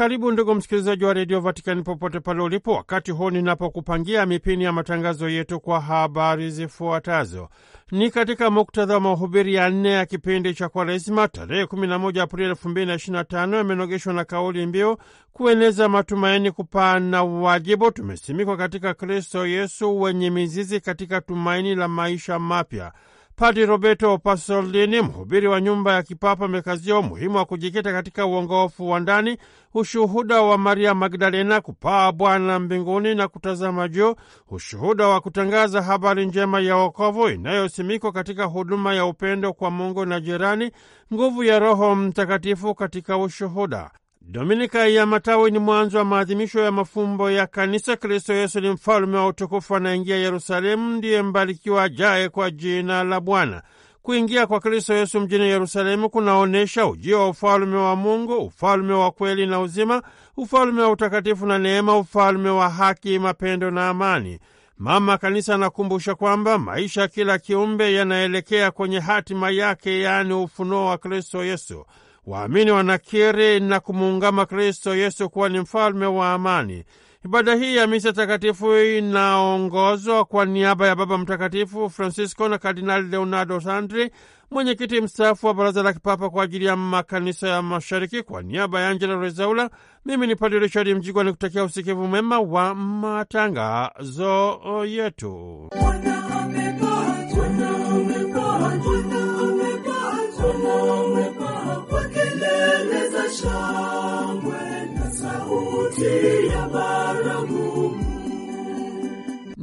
Karibu ndugu msikilizaji wa redio Vatikani popote pale ulipo, wakati huu ninapokupangia mipini ya matangazo yetu kwa habari zifuatazo. Ni katika muktadha wa mahubiri ya nne ya kipindi cha Kwaresima tarehe 11 Aprili 2025, yamenogeshwa na kauli mbiu kueneza matumaini, kupana wajibu. Tumesimikwa katika Kristo Yesu wenye mizizi katika tumaini la maisha mapya padi Roberto Pasolini, mhubiri wa nyumba ya kipapa, amekazia umuhimu wa kujikita katika uongofu wa ndani, ushuhuda wa Maria Magdalena kupaa Bwana mbinguni na kutazama juu, ushuhuda wa kutangaza habari njema ya wokovu inayosimikwa katika huduma ya upendo kwa Mungu na jirani, nguvu ya Roho Mtakatifu katika ushuhuda. Dominika ya Matawi ni mwanzo wa maadhimisho ya mafumbo ya Kanisa. Kristo Yesu ni mfalume wa utukufu, anaingia Yerusalemu, ndiye mbarikiwa ajaye kwa jina la Bwana. Kuingia kwa Kristo Yesu mjini Yerusalemu kunaonyesha ujio wa ufalume wa Mungu, ufalume wa kweli na uzima, ufalume wa utakatifu na neema, ufalume wa haki, mapendo na amani. Mama Kanisa anakumbusha kwamba maisha ya kila kiumbe yanaelekea kwenye hatima yake, yaani ufunuo wa Kristo Yesu. Waamini wanakiri na kumuungama Kristo Yesu kuwa ni mfalme wa amani. Ibada hii ya misa takatifu inaongozwa kwa niaba ya Baba Mtakatifu Francisco na Kardinali Leonardo Sandri, mwenyekiti mstaafu wa Baraza la Kipapa kwa ajili ya makanisa ya Mashariki. Kwa niaba ya Angela Rezaula, mimi ni Padre Richard Mjigwa, kutakia usikivu mwema wa matangazo yetu.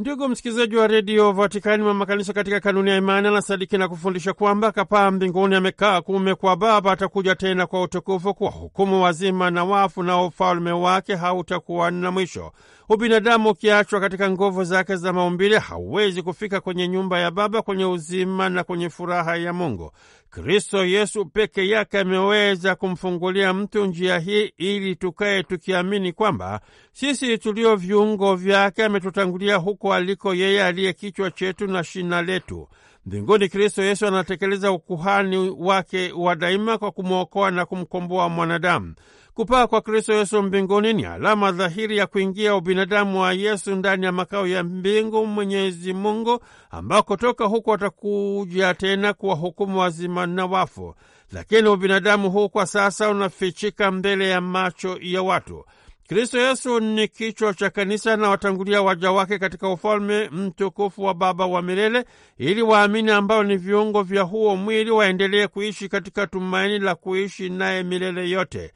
Ndugu msikilizaji wa redio Vatikani, mama kanisa katika kanuni ya imani anasadiki na kufundisha kwamba kapaa mbinguni amekaa kuume kwa Baba, atakuja tena kwa utukufu kwa hukumu wazima na wafu, na ufalme wake hautakuwa na mwisho. Ubinadamu ukiachwa katika nguvu zake za maumbile hauwezi kufika kwenye nyumba ya Baba, kwenye uzima na kwenye furaha ya Mungu. Kristo Yesu peke yake ameweza kumfungulia mtu njia hii, ili tukaye tukiamini kwamba sisi tulio viungo vyake ametutangulia huko aliko yeye aliye kichwa chetu na shina letu mbinguni. Kristo Yesu anatekeleza ukuhani wake wa daima kwa kumwokoa na kumkomboa mwanadamu. Kupaa kwa Kristo Yesu mbinguni ni alama dhahiri ya kuingia ubinadamu wa Yesu ndani ya makao ya mbingu Mwenyezi Mungu, ambako toka huko atakuja tena kuwahukumu wazima na wafu. Lakini ubinadamu huu kwa sasa unafichika mbele ya macho ya watu. Kristo Yesu ni kichwa cha kanisa na watangulia waja wake katika ufalme mtukufu wa Baba wa milele, ili waamini ambao ni viungo vya huo mwili waendelee kuishi katika tumaini la kuishi naye milele yote.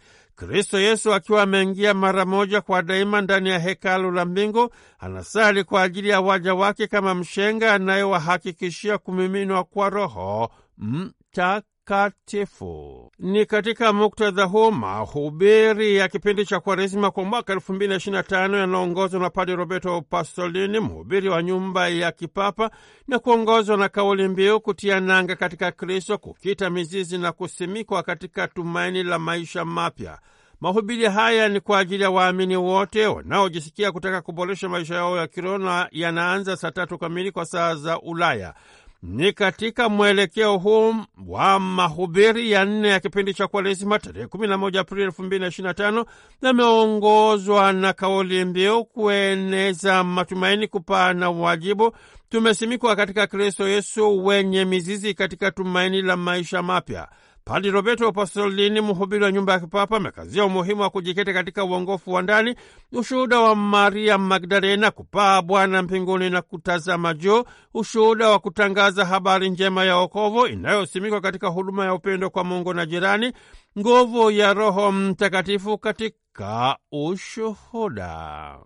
Kristo Yesu akiwa ameingia mara moja kwa daima ndani ya hekalu la mbingu, anasali kwa ajili ya waja wake kama mshenga anayewahakikishia kumiminwa kwa Roho Mtakatifu. Mtakatifu. Ni katika muktadha huu mahubiri ya kipindi cha Kwaresima kwa mwaka elfu mbili na ishirini na tano yanaongozwa na Padre Roberto Pasolini, mhubiri wa nyumba ya kipapa na kuongozwa na kauli mbiu kutia nanga katika Kristo, kukita mizizi na kusimikwa katika tumaini la maisha mapya. Mahubiri haya ni kwa ajili ya waamini wote wanaojisikia kutaka kuboresha maisha yao ya kiroho na yanaanza saa tatu kamili kwa saa za Ulaya. Ni katika mwelekeo huu wa mahubiri ya nne ya kipindi cha Kwaresima tarehe 11 Aprili 2025 yameongozwa na kauli mbiu kueneza matumaini, na uwajibu Tumesimikwa katika Kristo Yesu wenye mizizi katika tumaini la maisha mapya padi Roberto Pasolini, mhubiri wa nyumba ya kipapa, amekazia umuhimu wa kujikita katika uongofu wa ndani, ushuhuda wa Maria Magdalena, kupaa Bwana mbinguni na kutazama juu, ushuhuda wa kutangaza habari njema ya wokovu inayosimikwa katika huduma ya upendo kwa Mungu na jirani, nguvu ya Roho Mtakatifu katika ushuhuda.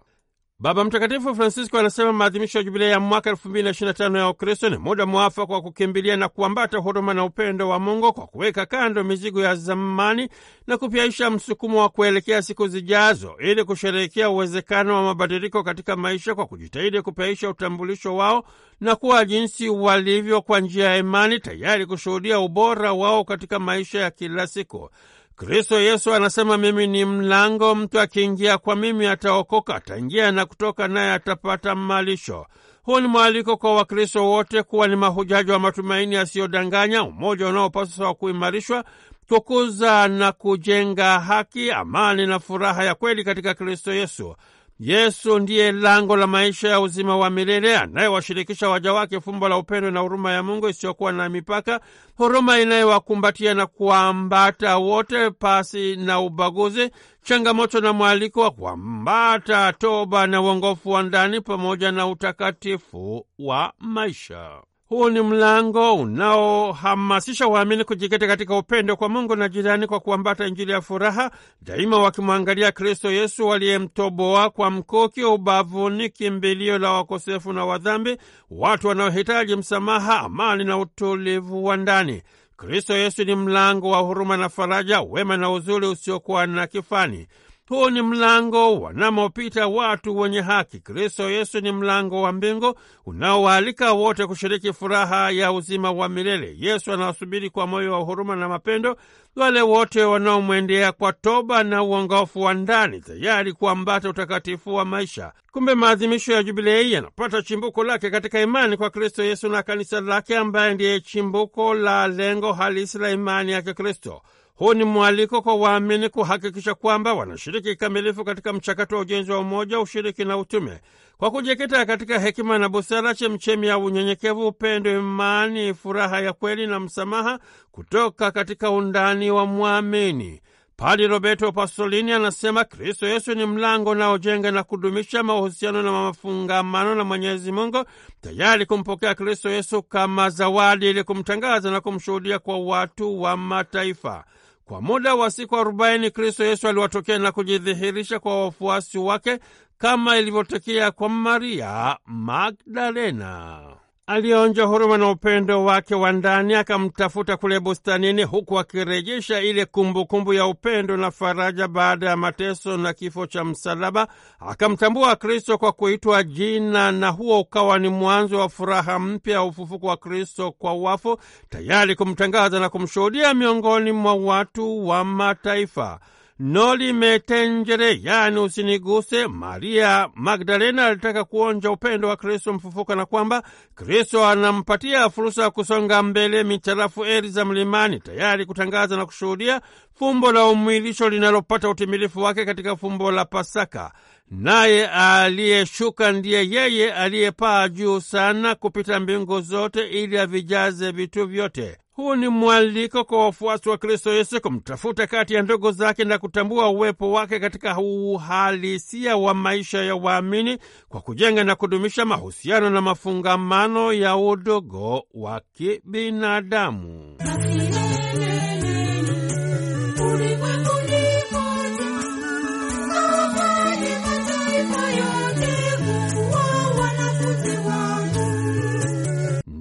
Baba Mtakatifu Francisco anasema maadhimisho ya jubilei ya mwaka 2025 ya Ukristo ni muda mwafaka wa kukimbilia na kuambata huruma na upendo wa Mungu kwa kuweka kando mizigo ya zamani na kupyaisha msukumo wa kuelekea siku zijazo, ili kusherehekea uwezekano wa mabadiliko katika maisha kwa kujitahidi kupyaisha utambulisho wao na kuwa jinsi walivyo kwa njia ya imani, tayari kushuhudia ubora wao katika maisha ya kila siku. Kristo Yesu anasema, mimi ni mlango, mtu akiingia kwa mimi ataokoka, ataingia na kutoka, naye atapata malisho. Huu ni mwaliko kwa Wakristo wote kuwa ni mahujaji wa matumaini yasiyodanganya, umoja unaopaswa kuimarishwa, kukuza na kujenga haki, amani na furaha ya kweli katika Kristo Yesu. Yesu ndiye lango la maisha ya uzima wa milele anayewashirikisha waja wake fumbo la upendo na huruma ya Mungu isiyokuwa na mipaka, huruma inayowakumbatia na kuambata wote pasi na ubaguzi, changamoto na mwaliko wa kuambata toba na uongofu wa ndani pamoja na utakatifu wa maisha. Huu ni mlango unaohamasisha waamini kujikita katika upendo kwa Mungu na jirani kwa kuambata Injili ya furaha daima, wakimwangalia Kristo Yesu waliyemtoboa kwa mkuki ubavuni, kimbilio la wakosefu na wadhambi, watu wanaohitaji msamaha, amani na utulivu wa ndani. Kristo Yesu ni mlango wa huruma na faraja, wema na uzuri usiokuwa na kifani. Huu ni mlango wanamopita watu wenye haki. Kristo Yesu ni mlango wa mbingu unaowaalika wote kushiriki furaha ya uzima wa milele. Yesu anawasubiri kwa moyo wa huruma na mapendo wale wote wanaomwendea kwa toba na uongofu wa ndani, tayari kuambata utakatifu wa maisha. Kumbe maadhimisho ya Jubilei yanapata chimbuko lake katika imani kwa Kristo Yesu na kanisa lake, ambaye ndiye chimbuko la lengo halisi la imani ya Kikristo. Huu ni mwaliko kwa waamini kuhakikisha kwamba wanashiriki kikamilifu katika mchakato wa ujenzi wa umoja, ushiriki na utume, kwa kujikita katika hekima na busara, chemchemi ya unyenyekevu, upendo, imani, furaha ya kweli na msamaha kutoka katika undani wa mwamini. Padi Roberto Pasolini anasema Kristo Yesu ni mlango unaojenga na kudumisha mahusiano na mafungamano na Mwenyezi Mungu, tayari kumpokea Kristo Yesu kama zawadi ili kumtangaza na kumshuhudia kwa watu wa mataifa. Kwa muda wa siku arobaini Kristo Yesu aliwatokea na kujidhihirisha kwa wafuasi wake kama ilivyotokea kwa Maria Magdalena alionja huruma na upendo wake wa ndani, akamtafuta kule bustanini, huku akirejesha ile kumbukumbu kumbu ya upendo na faraja baada ya mateso na kifo cha msalaba. Akamtambua Kristo kwa kuitwa jina, na huo ukawa ni mwanzo wa furaha mpya ya ufufuko wa Kristo kwa wafu, tayari kumtangaza na kumshuhudia miongoni mwa watu wa mataifa nolimetenjere, yani usiniguse. Maria Magdalena alitaka kuonja upendo wa Kristo mfufuka na kwamba Kristo anampatia fursa ya kusonga mbele mitarafu eri za mlimani, tayari kutangaza na kushuhudia fumbo la umwilisho linalopata utimilifu wake katika fumbo la Pasaka naye aliyeshuka ndiye yeye aliyepaa juu sana kupita mbingu zote, ili avijaze vitu vyote. Huu ni mwaliko kwa wafuasi wa Kristo Yesu kumtafuta kati ya ndugu zake na kutambua uwepo wake katika uhalisia wa maisha ya waamini kwa kujenga na kudumisha mahusiano na mafungamano ya udugu wa kibinadamu.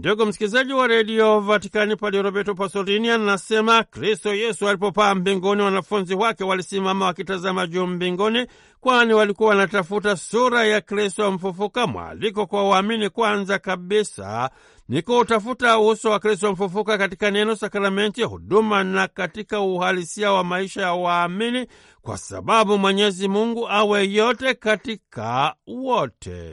Ndugu msikilizaji wa redio Vatikani, Padre Roberto Pasolini anasema Kristo Yesu alipopaa mbinguni, wanafunzi wake walisimama wakitazama juu mbinguni, kwani walikuwa wanatafuta sura ya Kristo mfufuka. Mwaliko kwa waamini kwanza kabisa ni kuutafuta uso wa Kristo mfufuka katika neno, sakramenti, huduma na katika uhalisia wa maisha ya waamini, kwa sababu Mwenyezi Mungu awe yote katika wote.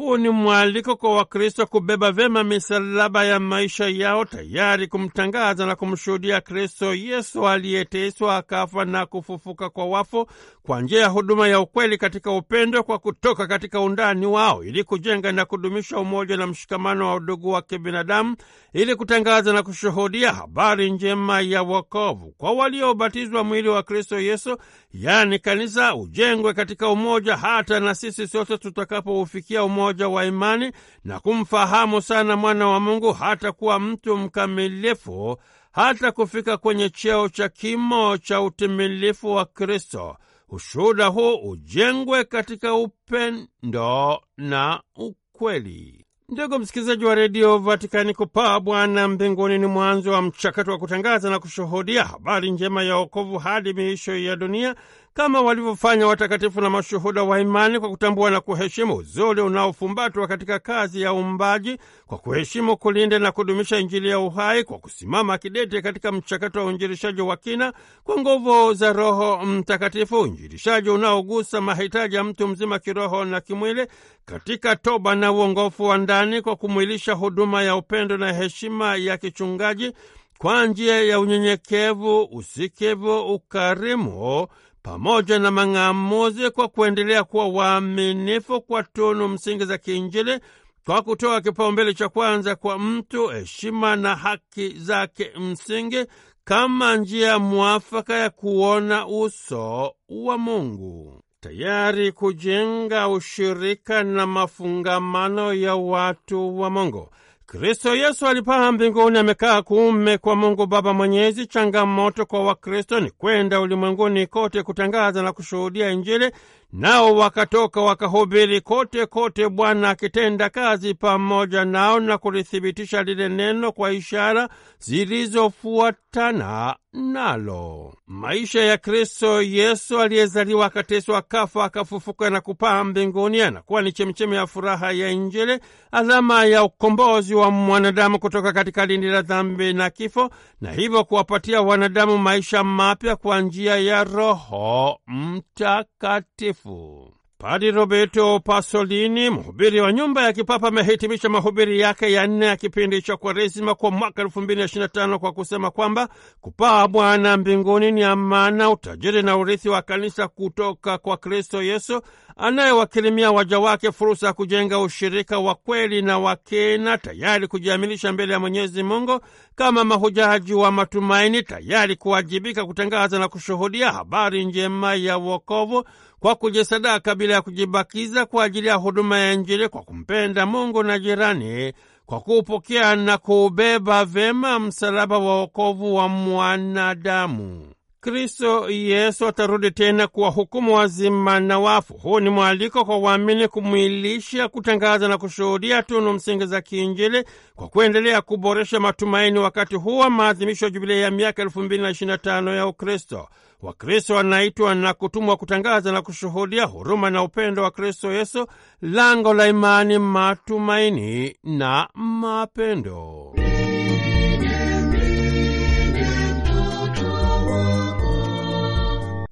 Huu ni mwaliko kwa Wakristo kubeba vema misalaba ya maisha yao, tayari kumtangaza na kumshuhudia Kristo Yesu aliyeteswa akafa na kufufuka kwa wafu, kwa njia ya huduma ya ukweli katika upendo, kwa kutoka katika undani wao, ili kujenga na kudumisha umoja na mshikamano wa udugu wa kibinadamu, ili kutangaza na kushuhudia habari njema ya wokovu kwa waliobatizwa. Mwili wa Kristo Yesu, yaani kanisa, ujengwe katika umoja, hata na sisi sote tutakapoufikia umoja umoja wa imani na kumfahamu sana mwana wa Mungu hata kuwa mtu mkamilifu, hata kufika kwenye cheo cha kimo cha utimilifu wa Kristo. Ushuhuda huu ujengwe katika upendo na ukweli. Ndugu msikilizaji wa redio Vatikani, kupaa Bwana mbinguni ni mwanzo wa mchakato wa kutangaza na kushuhudia habari njema ya wokovu hadi miisho ya dunia, kama walivyofanya watakatifu na mashuhuda wa imani kwa kutambua na kuheshimu uzuri unaofumbatwa katika kazi ya uumbaji, kwa kuheshimu, kulinda na kudumisha Injili ya uhai, kwa kusimama kidete katika mchakato wa uinjilishaji wa kina kwa nguvu za Roho Mtakatifu, uinjilishaji unaogusa mahitaji ya mtu mzima kiroho na kimwili, katika toba na uongofu wa ndani, kwa kumwilisha huduma ya upendo na heshima ya kichungaji kwa njia ya unyenyekevu, usikivu, ukarimu pamoja na mang'amuzi kwa kuendelea kuwa waaminifu kwa tunu msingi za kiinjili kwa kutoa kipaumbele cha kwanza kwa mtu, heshima na haki zake msingi kama njia mwafaka ya kuona uso wa Mungu, tayari kujenga ushirika na mafungamano ya watu wa Mungu. Kristo Yesu alipaa mbinguni, amekaa kuume kwa Mungu Baba Mwenyezi. Changamoto kwa Wakristo ni kwenda ulimwenguni kote kutangaza na kushuhudia Injili Nao wakatoka wakahubiri kote kote, Bwana akitenda kazi pamoja nao na kulithibitisha lile neno kwa ishara zilizofuatana nalo. Maisha ya Kristo Yesu aliyezaliwa, akateswa, kafa, akafufuka na kupaa mbinguni anakuwa ni chemchemi ya furaha ya Injili, alama ya ukombozi wa mwanadamu kutoka katika lindi la dhambi na kifo, na hivyo kuwapatia wanadamu maisha mapya kwa njia ya Roho Mtakatifu. Mtakatifu. Padi Roberto Pasolini, mhubiri wa nyumba ya kipapa, amehitimisha mahubiri yake ya nne ya kipindi cha Kwaresima kwa mwaka elfu mbili na ishirini na tano kwa kusema kwamba kupaa Bwana mbinguni ni amana, utajiri na urithi wa kanisa kutoka kwa Kristo Yesu anayewakirimia waja wake fursa ya kujenga ushirika wa kweli na wakena tayari kujiamilisha mbele ya Mwenyezi Mungu kama mahujaji wa matumaini, tayari kuwajibika kutangaza na kushuhudia habari njema ya wokovu kwa kujisadaka bila ya kujibakiza kwa ajili ya huduma ya Injili, kwa kumpenda Mungu na jirani, kwa kuupokea na kuubeba vema msalaba wa wokovu wa mwanadamu. Kristo Yesu atarudi tena kuwahukumu wazima na wafu. Huu ni mwaliko kwa waamini kumwilisha, kutangaza na kushuhudia tunu msingi za kiinjili kwa kuendelea kuboresha matumaini wakati huu wa maadhimisho ya jubilei ya miaka elfu mbili na ishirini na tano ya Ukristo. Wakristo wanaitwa na kutumwa kutangaza na kushuhudia huruma na upendo wa Kristo Yesu, lango la imani, matumaini na mapendo.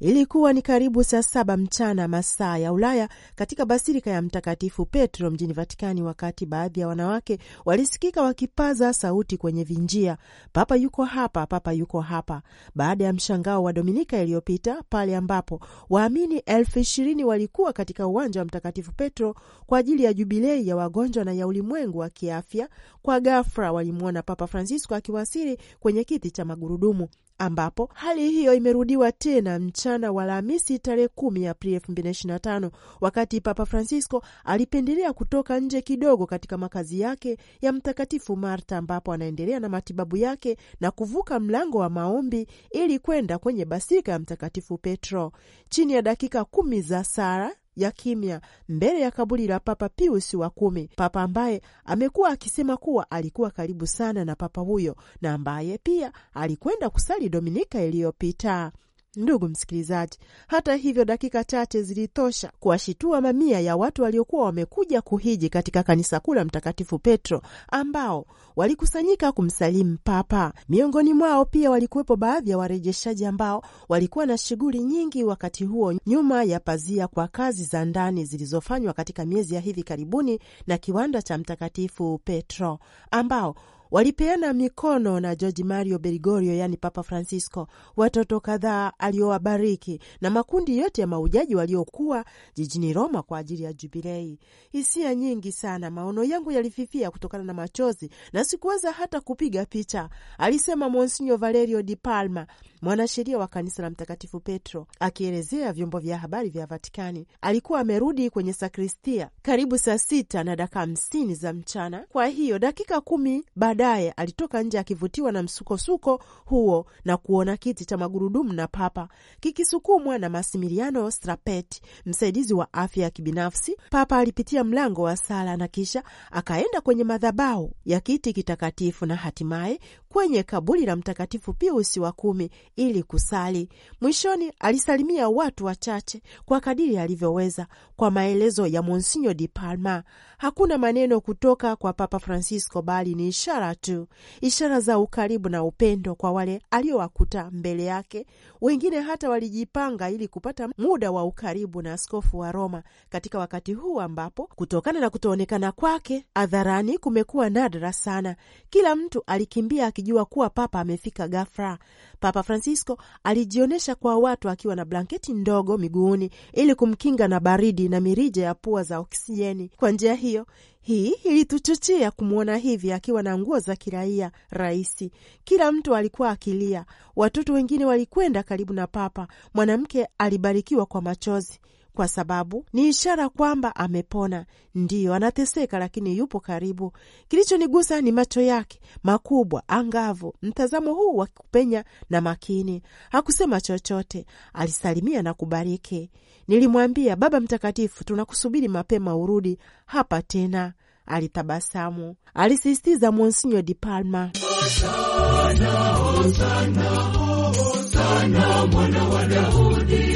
Ilikuwa ni karibu saa saba mchana masaa ya Ulaya katika basilika ya Mtakatifu Petro mjini Vatikani, wakati baadhi ya wanawake walisikika wakipaza sauti kwenye vinjia, papa yuko hapa, papa yuko hapa, baada ya mshangao wa Dominika iliyopita pale ambapo waamini elfu ishirini walikuwa katika uwanja wa Mtakatifu Petro kwa ajili ya jubilei ya wagonjwa na ya ulimwengu wa kiafya. Kwa ghafla walimwona Papa Francisco akiwasili kwenye kiti cha magurudumu ambapo hali hiyo imerudiwa tena mchana wa Alhamisi tarehe kumi Aprili elfu mbili na ishirini na tano wakati Papa Francisco alipendelea kutoka nje kidogo katika makazi yake ya Mtakatifu Marta ambapo anaendelea na matibabu yake na kuvuka mlango wa maombi ili kwenda kwenye basika ya Mtakatifu Petro chini ya dakika kumi za sara ya kimya mbele ya kaburi la Papa Pius wa kumi, papa ambaye amekuwa akisema kuwa alikuwa karibu sana na papa huyo na ambaye pia alikwenda kusali Dominika iliyopita. Ndugu msikilizaji, hata hivyo, dakika chache zilitosha kuwashitua mamia ya watu waliokuwa wamekuja kuhiji katika kanisa kuu la Mtakatifu Petro ambao walikusanyika kumsalimu Papa. Miongoni mwao pia walikuwepo baadhi ya warejeshaji ambao walikuwa na shughuli nyingi wakati huo, nyuma ya pazia kwa kazi za ndani zilizofanywa katika miezi ya hivi karibuni na kiwanda cha Mtakatifu Petro ambao walipeana mikono na georgi Mario Bergoglio, yani Papa Francisco, watoto kadhaa aliowabariki na makundi yote ya maujaji waliokuwa jijini Roma kwa ajili ya Jubilei. Hisia nyingi sana, maono yangu yalififia kutokana na machozi na sikuweza hata kupiga picha, alisema Monsignor Valerio Di Palma, mwanasheria wa kanisa la Mtakatifu Petro, akielezea vyombo vya habari vya Vatikani. Alikuwa amerudi kwenye sakristia karibu saa sita na dakika hamsini za mchana, kwa hiyo dakika kumi baada Baadaye alitoka nje akivutiwa na msukosuko huo na kuona kiti cha magurudumu na papa kikisukumwa na Masimiliano Strapeti, msaidizi wa afya ya kibinafsi. Papa alipitia mlango wa sala na kisha akaenda kwenye madhabahu ya kiti kitakatifu na hatimaye kwenye kaburi la Mtakatifu Piusi wa kumi ili kusali. Mwishoni alisalimia watu wachache kwa kadiri alivyoweza, kwa maelezo ya Monsinyo Di Palma. Hakuna maneno kutoka kwa Papa Francisco bali ni ishara tatu, ishara za ukaribu na upendo kwa wale aliowakuta mbele yake. Wengine hata walijipanga ili kupata muda wa ukaribu na askofu wa Roma katika wakati huu ambapo kutokana na kutoonekana kwake hadharani kumekuwa nadra sana. Kila mtu alikimbia akijua kuwa papa amefika ghafla, Papa Francisco alijionyesha kwa watu akiwa na blanketi ndogo miguuni ili kumkinga na baridi na mirija ya pua za oksijeni. Kwa njia hiyo hii ilituchochea kumwona hivi akiwa na nguo za kiraia rahisi. Kila mtu alikuwa akilia, watoto wengine walikwenda karibu na Papa. Mwanamke alibarikiwa kwa machozi kwa sababu ni ishara kwamba amepona. Ndiyo anateseka, lakini yupo karibu. Kilichonigusa ni macho yake makubwa, angavu, mtazamo huu wa kupenya na makini. Hakusema chochote, alisalimia na kubariki. Nilimwambia, Baba Mtakatifu, tunakusubiri mapema, urudi hapa tena. Alitabasamu. Alisisitiza Monsinyo Di Palma, Osana, Osana, Osana, mwana wa Daudi.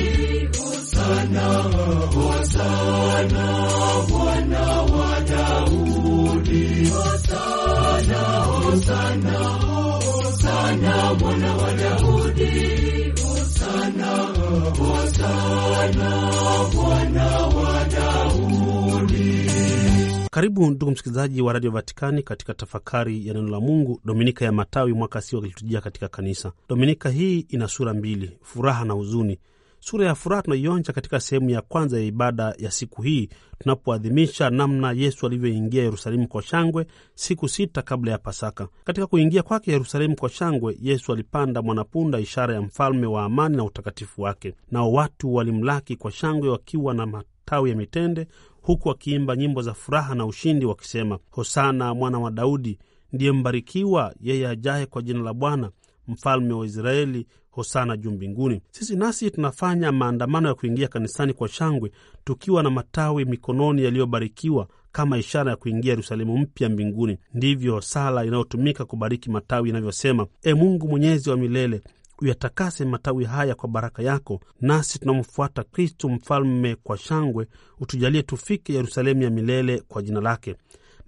Karibu ndugu msikilizaji wa Radio Vatikani katika tafakari ya neno la Mungu, Dominika ya Matawi, mwaka si wakilitujia katika kanisa. Dominika hii ina sura mbili, furaha na huzuni. Sura ya furaha tunaionja katika sehemu ya kwanza ya ibada ya siku hii tunapoadhimisha namna Yesu alivyoingia Yerusalemu kwa shangwe siku sita kabla ya Pasaka. Katika kuingia kwake Yerusalemu kwa shangwe, Yesu alipanda mwanapunda, ishara ya mfalme wa amani na utakatifu wake. Nao watu walimlaki kwa shangwe, wakiwa na matawi ya mitende, huku wakiimba nyimbo za furaha na ushindi, wakisema, Hosana mwana wa Daudi, ndiye mbarikiwa yeye ajaye kwa jina la Bwana, mfalme wa Israeli Hosana juu mbinguni. Sisi nasi tunafanya maandamano ya kuingia kanisani kwa shangwe, tukiwa na matawi mikononi yaliyobarikiwa kama ishara ya kuingia Yerusalemu mpya mbinguni. Ndivyo sala inayotumika kubariki matawi inavyosema: E Mungu mwenyezi wa milele, uyatakase matawi haya kwa baraka yako, nasi tunamfuata Kristu mfalme kwa shangwe, utujalie tufike Yerusalemu ya milele kwa jina lake.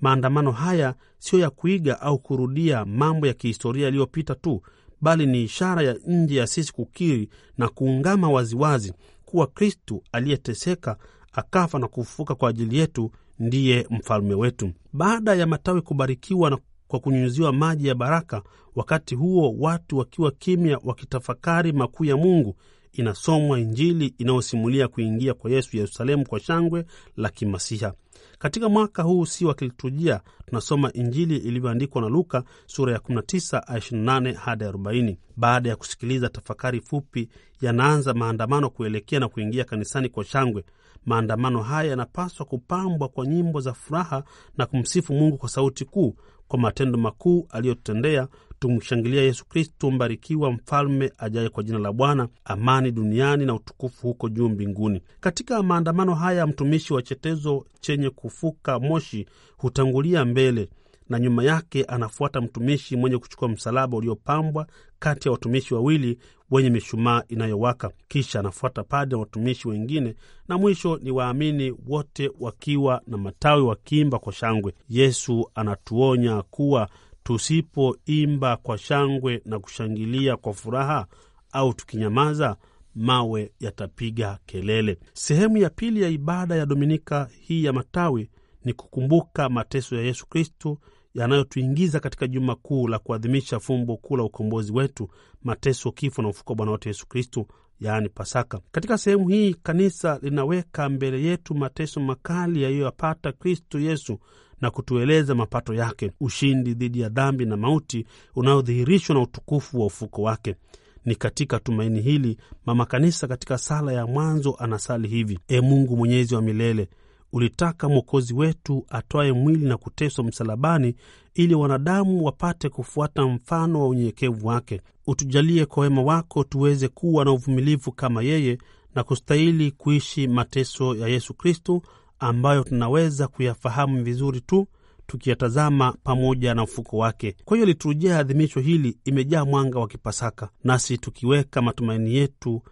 Maandamano haya siyo ya kuiga au kurudia mambo ya kihistoria yaliyopita tu, bali ni ishara ya nje ya sisi kukiri na kuungama waziwazi kuwa Kristu aliyeteseka akafa na kufufuka kwa ajili yetu ndiye mfalme wetu. Baada ya matawi kubarikiwa na kwa kunyunyuziwa maji ya baraka, wakati huo watu wakiwa kimya, wakitafakari makuu ya Mungu, inasomwa Injili inayosimulia kuingia kwa Yesu Yerusalemu kwa shangwe la kimasiha. Katika mwaka huu si wa kiliturujia, tunasoma Injili iliyoandikwa na Luka sura ya 19 hadi 40. Baada ya kusikiliza tafakari fupi, yanaanza maandamano kuelekea na kuingia kanisani kwa shangwe. Maandamano haya yanapaswa kupambwa kwa nyimbo za furaha na kumsifu Mungu kwa sauti kuu kwa matendo makuu aliyotutendea Tumshangilia Yesu Kristu mbarikiwa, mfalme ajaye kwa jina la Bwana. Amani duniani na utukufu huko juu mbinguni. Katika maandamano haya, mtumishi wa chetezo chenye kufuka moshi hutangulia mbele na nyuma yake anafuata mtumishi mwenye kuchukua msalaba uliopambwa kati ya watumishi wawili wenye mishumaa inayowaka. Kisha anafuata padre na watumishi wengine, na mwisho ni waamini wote wakiwa na matawi wakiimba kwa shangwe. Yesu anatuonya kuwa tusipoimba kwa shangwe na kushangilia kwa furaha, au tukinyamaza, mawe yatapiga kelele. Sehemu ya pili ya ibada ya dominika hii ya matawi ni kukumbuka mateso ya Yesu Kristo yanayotuingiza katika juma kuu la kuadhimisha fumbo kuu la ukombozi wetu, mateso, kifo na ufufuko wa Bwana wetu Yesu Kristo, yaani Pasaka. Katika sehemu hii kanisa linaweka mbele yetu mateso makali yaliyoyapata Kristo Yesu na kutueleza mapato yake, ushindi dhidi ya dhambi na mauti unaodhihirishwa na utukufu wa ufuko wake. Ni katika tumaini hili mama kanisa katika sala ya mwanzo anasali hivi: E Mungu mwenyezi wa milele, ulitaka mwokozi wetu atwaye mwili na kuteswa msalabani ili wanadamu wapate kufuata mfano wa unyenyekevu wake. Utujalie kwa wema wako tuweze kuwa na uvumilivu kama yeye na kustahili kuishi mateso ya Yesu Kristo ambayo tunaweza kuyafahamu vizuri tu tukiyatazama pamoja na ufuko wake. Kwa hiyo liturujia ya adhimisho hili imejaa mwanga wa Kipasaka, nasi tukiweka matumaini yetu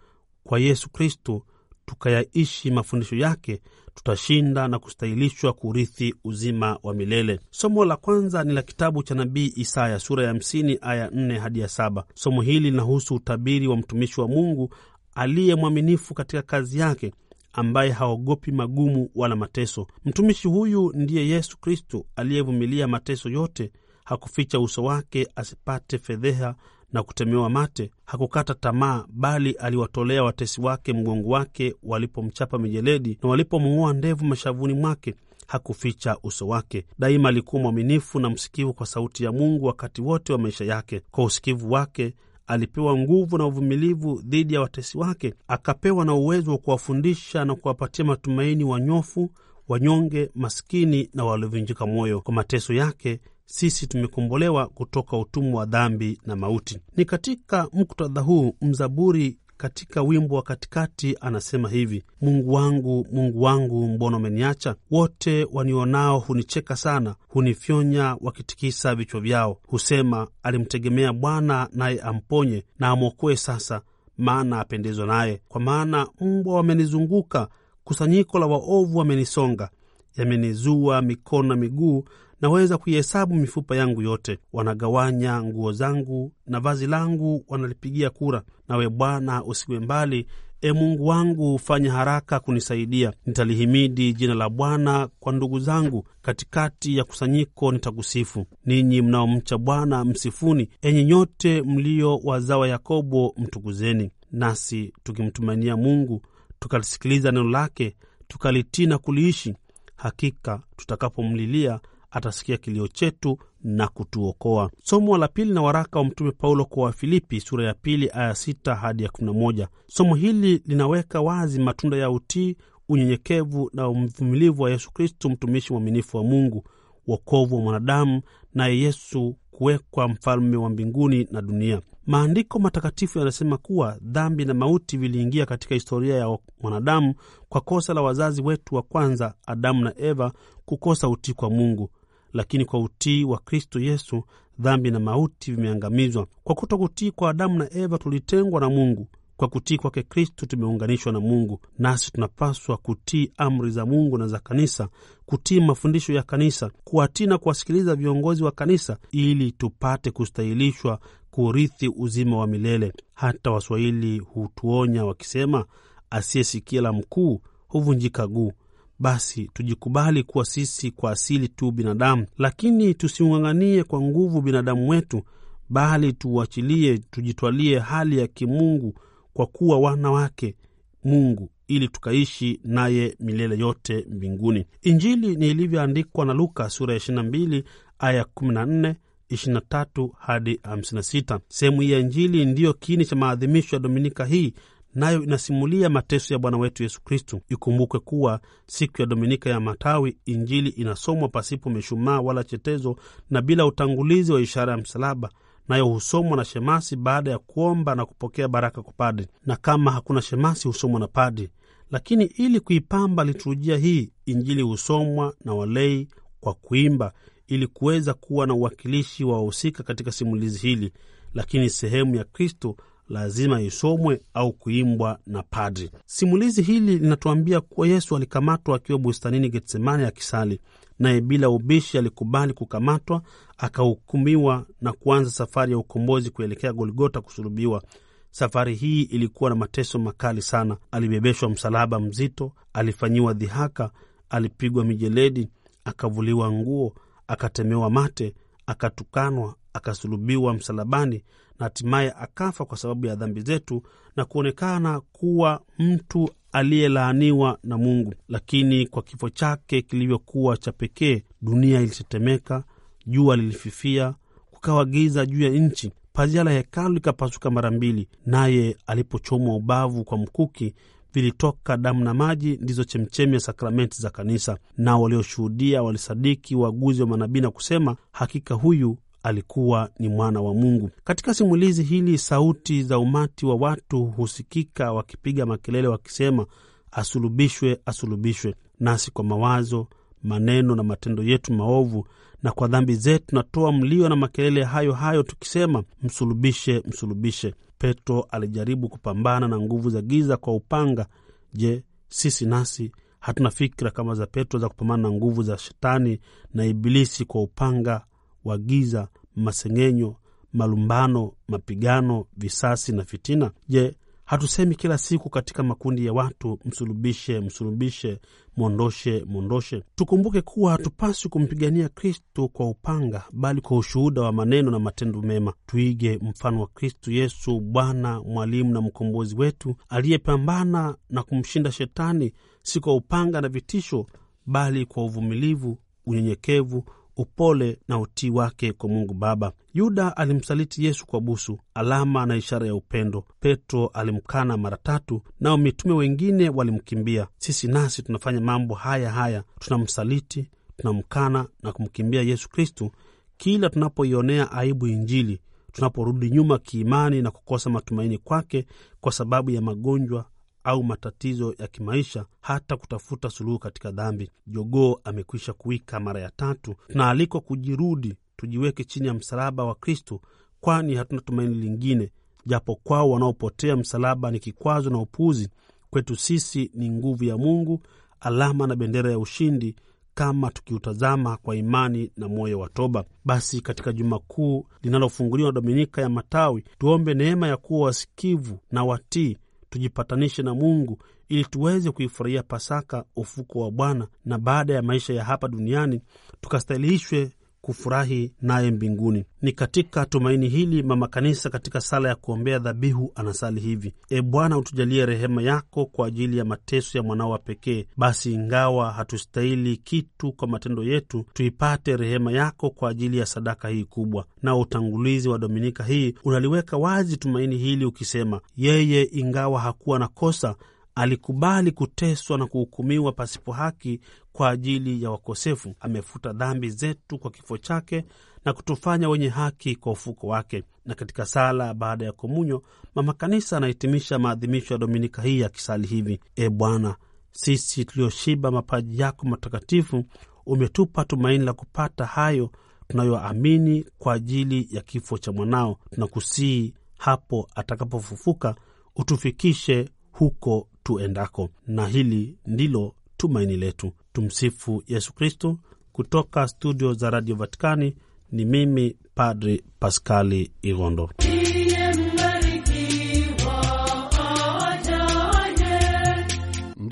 kwa Yesu kristu tukayaishi mafundisho yake, tutashinda na kustahilishwa kurithi uzima wa milele. Somo la kwanza ni la kitabu cha nabii Isaya sura ya hamsini aya nne hadi ya saba. Somo hili linahusu utabiri wa mtumishi wa Mungu aliye mwaminifu katika kazi yake ambaye haogopi magumu wala mateso. Mtumishi huyu ndiye Yesu Kristo aliyevumilia mateso yote, hakuficha uso wake asipate fedheha na kutemewa mate. Hakukata tamaa, bali aliwatolea watesi wake mgongo wake walipomchapa mijeledi na walipomng'oa ndevu mashavuni mwake. Hakuficha uso wake. Daima alikuwa mwaminifu na msikivu kwa sauti ya Mungu wakati wote wa maisha yake. Kwa usikivu wake alipewa nguvu na uvumilivu dhidi ya watesi wake, akapewa na uwezo wa kuwafundisha na kuwapatia matumaini wanyofu, wanyonge, maskini na waliovunjika moyo. Kwa mateso yake sisi tumekombolewa kutoka utumwa wa dhambi na mauti. Ni katika muktadha huu mzaburi katika wimbo wa katikati anasema hivi: Mungu wangu, Mungu wangu, mbona umeniacha? Wote wanionao hunicheka sana, hunifyonya wakitikisa vichwa vyao. Husema, alimtegemea Bwana naye amponye, na amwokoe sasa, maana apendezwa naye. Kwa maana mbwa wamenizunguka, kusanyiko la waovu wamenisonga, yamenizua mikono na miguu, Naweza kuihesabu mifupa yangu yote. Wanagawanya nguo zangu na vazi langu wanalipigia kura. Nawe Bwana usiwe mbali, E Mungu wangu, hufanya haraka kunisaidia. Nitalihimidi jina la Bwana kwa ndugu zangu, katikati ya kusanyiko nitakusifu. Ninyi mnaomcha Bwana msifuni, enyi nyote mlio wazawa Yakobo mtukuzeni. Nasi tukimtumainia Mungu, tukalisikiliza neno lake, tukalitii na kuliishi, hakika tutakapomlilia atasikia kilio chetu na kutuokoa. Somo la pili na waraka wa Mtume Paulo kwa Wafilipi sura ya pili aya sita hadi ya kumi na moja. Somo hili linaweka wazi matunda ya utii, unyenyekevu na umvumilivu wa Yesu Kristu, mtumishi mwaminifu wa Mungu, wokovu wa mwanadamu, naye Yesu kuwekwa mfalme wa mbinguni na dunia. Maandiko matakatifu yanasema kuwa dhambi na mauti viliingia katika historia ya mwanadamu kwa kosa la wazazi wetu wa kwanza, Adamu na Eva, kukosa utii kwa Mungu lakini kwa utii wa Kristo Yesu dhambi na mauti vimeangamizwa. Kwa kutokutii kwa Adamu na Eva tulitengwa na Mungu. Kwa kutii kwake Kristo tumeunganishwa na Mungu, nasi tunapaswa kutii amri za Mungu na za kanisa, kutii mafundisho ya kanisa, kuwatii na kuwasikiliza viongozi wa kanisa, ili tupate kustahilishwa kurithi uzima wa milele. Hata Waswahili hutuonya wakisema, asiyesikia la mkuu huvunjika guu basi tujikubali kuwa sisi kwa asili tu binadamu, lakini tusiung'ang'anie kwa nguvu binadamu wetu, bali tuuachilie, tujitwalie hali ya kimungu kwa kuwa wana wake Mungu ili tukaishi naye milele yote mbinguni. Injili ni ilivyoandikwa na Luka sura ya 22 aya 14, 23 hadi 56. Sehemu hii ya Injili ndiyo kiini cha maadhimisho ya Dominika hii nayo inasimulia mateso ya Bwana wetu Yesu Kristu. Ikumbukwe kuwa siku ya Dominika ya Matawi, Injili inasomwa pasipo mishumaa wala chetezo na bila utangulizi wa ishara ya msalaba, nayo husomwa na shemasi baada ya kuomba na kupokea baraka kwa padri, na kama hakuna shemasi husomwa na padri. Lakini ili kuipamba liturujia hii, Injili husomwa na walei kwa kuimba, ili kuweza kuwa na uwakilishi wa wahusika katika simulizi hili, lakini sehemu ya Kristo lazima isomwe au kuimbwa na padri. Simulizi hili linatuambia kuwa Yesu alikamatwa akiwa bustanini Getsemani akisali, naye bila ubishi alikubali kukamatwa, akahukumiwa na kuanza safari ya ukombozi kuelekea Golgota kusulubiwa. Safari hii ilikuwa na mateso makali sana. Alibebeshwa msalaba mzito, alifanyiwa dhihaka, alipigwa mijeledi, akavuliwa nguo, akatemewa mate, akatukanwa, akasulubiwa msalabani na hatimaye akafa kwa sababu ya dhambi zetu na kuonekana kuwa mtu aliyelaaniwa na Mungu. Lakini kwa kifo chake kilivyokuwa cha pekee, dunia ilitetemeka, jua lilififia, kukawa giza juu ya nchi, pazia la hekalu likapasuka mara mbili, naye alipochomwa ubavu kwa mkuki vilitoka damu na maji, ndizo chemchemi ya sakramenti za kanisa. Nao walioshuhudia walisadiki uaguzi wa manabii na kusema, hakika huyu alikuwa ni mwana wa Mungu. Katika simulizi hili, sauti za umati wa watu husikika wakipiga makelele wakisema, asulubishwe, asulubishwe. Nasi kwa mawazo, maneno na matendo yetu maovu na kwa dhambi zetu tunatoa mlio na makelele hayo hayo tukisema, msulubishe, msulubishe. Petro alijaribu kupambana na nguvu za giza kwa upanga. Je, sisi nasi hatuna fikra kama za Petro za kupambana na nguvu za shetani na Ibilisi kwa upanga wa giza, maseng'enyo, malumbano, mapigano, visasi na fitina? Je, hatusemi kila siku katika makundi ya watu, msulubishe, msulubishe, mwondoshe, mwondoshe? Tukumbuke kuwa hatupaswi kumpigania Kristo kwa upanga, bali kwa ushuhuda wa maneno na matendo mema. Tuige mfano wa Kristo Yesu, Bwana, mwalimu na mkombozi wetu, aliyepambana na kumshinda Shetani si kwa upanga na vitisho, bali kwa uvumilivu, unyenyekevu upole na utii wake kwa Mungu Baba. Yuda alimsaliti Yesu kwa busu, alama na ishara ya upendo. Petro alimkana mara tatu, nao mitume wengine walimkimbia. Sisi nasi tunafanya mambo haya haya, tunamsaliti, tunamkana na kumkimbia Yesu Kristu kila tunapoionea aibu Injili, tunaporudi nyuma kiimani na kukosa matumaini kwake kwa sababu ya magonjwa au matatizo ya kimaisha, hata kutafuta suluhu katika dhambi. Jogoo amekwisha kuwika mara ya tatu, tunaalikwa kujirudi, tujiweke chini ya msalaba wa Kristo, kwani hatuna tumaini lingine. Japo kwao wanaopotea msalaba ni kikwazo na upuzi, kwetu sisi ni nguvu ya Mungu, alama na bendera ya ushindi kama tukiutazama kwa imani na moyo wa toba. Basi katika juma kuu linalofunguliwa Dominika ya Matawi, tuombe neema ya kuwa wasikivu na watii tujipatanishe na Mungu ili tuweze kuifurahia Pasaka, ufuko wa Bwana, na baada ya maisha ya hapa duniani tukastahilishwe kufurahi naye mbinguni. Ni katika tumaini hili mama kanisa katika sala ya kuombea dhabihu anasali hivi: E Bwana, utujalie rehema yako kwa ajili ya mateso ya mwanao wa pekee, basi ingawa hatustahili kitu kwa matendo yetu, tuipate rehema yako kwa ajili ya sadaka hii kubwa. Na utangulizi wa Dominika hii unaliweka wazi tumaini hili ukisema, yeye ingawa hakuwa na kosa alikubali kuteswa na kuhukumiwa pasipo haki kwa ajili ya wakosefu. Amefuta dhambi zetu kwa kifo chake na kutufanya wenye haki kwa ufuko wake. Na katika sala baada ya komunyo, mama kanisa anahitimisha maadhimisho ya dominika hii akisali hivi: E Bwana, sisi tulioshiba mapaji yako matakatifu, umetupa tumaini la kupata hayo tunayoamini kwa ajili ya kifo cha mwanao. Tunakusihi hapo atakapofufuka utufikishe huko tuendako, na hili ndilo tumaini letu. Tumsifu Yesu Kristu. Kutoka studio za Radio Vatikani ni mimi Padri Paskali Irondo.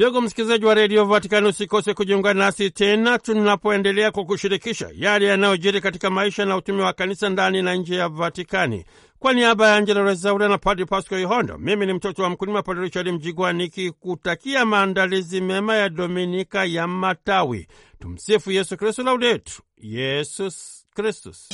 Ndugu msikilizaji wa redio Vatikani, usikose kujiunga nasi tena tunapoendelea kwa kushirikisha yale yanayojiri katika maisha na utumi wa kanisa ndani na nje ya Vatikani. Kwa niaba ya Angela Rezaura na Padri Pasco Ihondo, mimi ni mtoto wa mkulima Padri Richard Mjigwa nikikutakia maandalizi mema ya Dominika ya Matawi. Tumsifu Yesu Kristu, Laudetu Yesus Kristus.